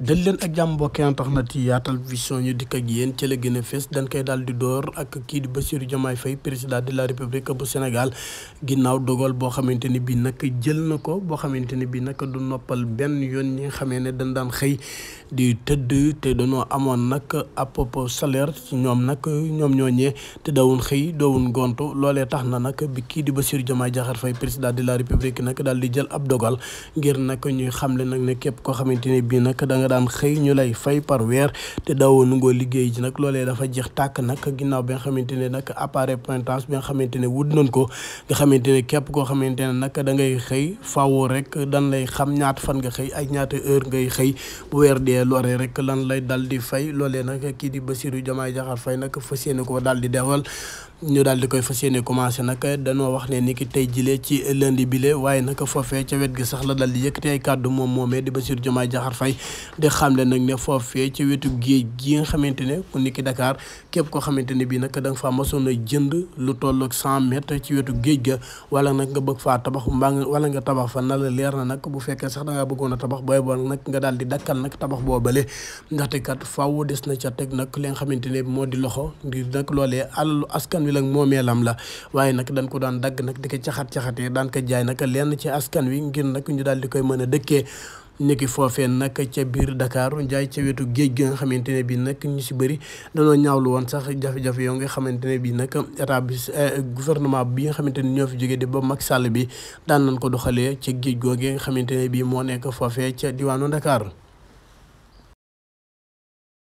dal leen ak jàmm mbokk internet yi Yaatal Vision ñu dikk ak yéen ci la gën a fees dañ koy daal di door ak kii di Bassirou Diomaye Faye président de la république bu Sénégal ginnaaw dogal boo xamante ni bii nag jël na ko boo xamante ni bii nag du noppal benn yoon ñi nga xamee ne dañ daan xëy di tëdd te dañoo amoon nag ab salaire ñoom nag ñoom ñoo ñee te dawun xëy dawun gontu loolee tax na nag kii di Bassirou Diomaye Diakhar Faye président de la république nag daal di jël ab dogal ngir nag ñuy xamle nag ne képp koo xamante ni bii nag nga daan xëy ñu lay fay par weer te daawoon nga liggéey ji nag loolee dafa jeex tàkk nag ginnaaw bi nga xamante ne nag appareil pointage bi nga xamante ne wut nañ ko nga xamante ne képp koo xamante ne nag da ngay xëy fawoo rek dan lay xam ñaata fan nga xëy ay ñaata heure ngay xëy bu weer dee lore rek lan lay dal di fay loolee nag kii di Bassirou Diomaye Diakhar fay nag fas yéene ko daal di defal ñu daal di koy fas yéene commencé nag danoo wax ne ni ki tey jile ci lundi bile waaye nag foofee ca wet gi sax la dal di yëkkati ay kàddu moom moomee di Bassirou Diomaye Diakhar Faye di xamle nag ne foofee ci wetu géej gi nga xamante ne ku ni ki Dakar képp koo xamante ne bii nag da faa masoon a jënd lu toll ak ci wetu géej ga wala nag nga bëgg faa tabax mbaa nga wala nga tabax fa nal leer na nag bu fekkee sax da ngaa bëggoon a tabax booy boon nag nga daal di dakkal nag tabax boobale ndaxte kat faaw des na ca teg nag li nga xamante ne moo di loxo ngir nag loolee alalu askan wi nag moomeelam la waaye nag dañ ko daan dagg nag di ko caxat-caxatee daan ko jaay nag lenn ci askan wi ngir nag ñu daal di koy mën a dëkkee niki foofee nag ca biir dakaaru jaay ca wetu géej gi nga xamante ne bii nag ñu si bëri dañoo ñaawlu woon sax jafe-jafe nga xamante ne bii nag état bi eh, gouvernement bi nga xamante ni ñoo fi jógee di ba mag sàll bi daan nañ ko doxalee ca géej googu nga xamante ne bii moo nekk foofee ca diwaanu Dakar.